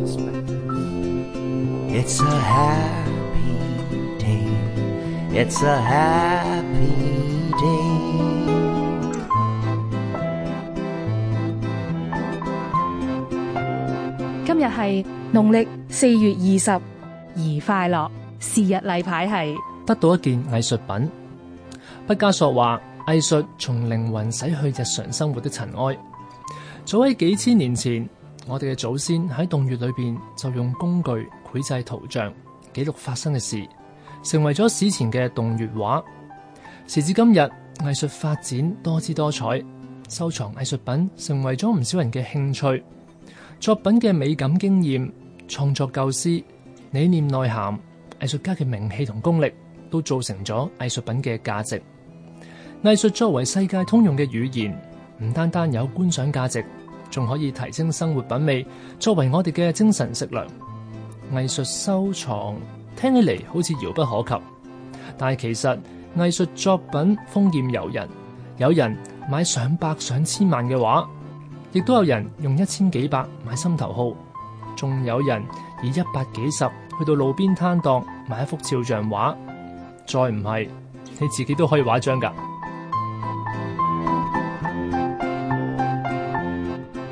It's a happy day. It's a happy day. 今日係農曆四月二十，而快樂是日例牌係得到一件藝術品。畢加索話：藝術從靈魂洗去日常生活的塵埃。早喺幾千年前。我哋嘅祖先喺洞穴裏邊就用工具繪製圖像，記錄發生嘅事，成為咗史前嘅洞穴畫。時至今日，藝術發展多姿多彩，收藏藝術品成為咗唔少人嘅興趣。作品嘅美感經驗、創作構思、理念內涵、藝術家嘅名氣同功力，都造成咗藝術品嘅價值。藝術作為世界通用嘅語言，唔單單有觀賞價值。仲可以提升生活品味，作為我哋嘅精神食糧。藝術收藏聽起嚟好似遙不可及，但係其實藝術作品豐儉由人。有人買上百上千萬嘅畫，亦都有人用一千幾百買心頭好，仲有人以一百幾十去到路邊攤檔買一幅肖像畫。再唔係，你自己都可以畫張㗎。